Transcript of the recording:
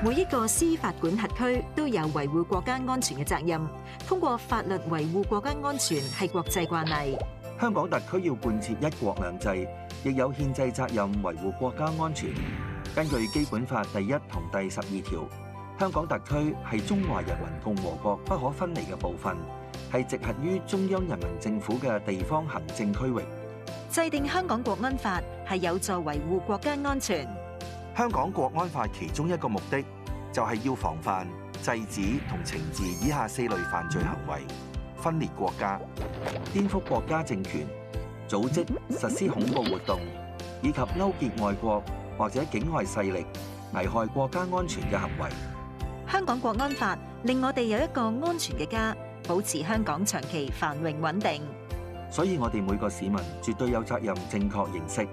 每一個司法管轄區都有維護國家安全嘅責任。通過法律維護國家安全係國際慣例。香港特區要貫徹一國兩制，亦有憲制責任維護國家安全。根據《基本法》第一同第十二條，香港特區係中華人民共和國不可分離嘅部分，係直轄於中央人民政府嘅地方行政區域。制定香港國安法係有助維護國家安全。香港國安法其中一個目的，就係要防範、制止同懲治以下四類犯罪行為：分裂國家、顛覆國家政權、組織實施恐怖活動，以及勾結外國或者境外勢力，危害國家安全嘅行為。香港國安法令我哋有一個安全嘅家，保持香港長期繁榮穩定。所以我哋每個市民絕對有責任正確認識。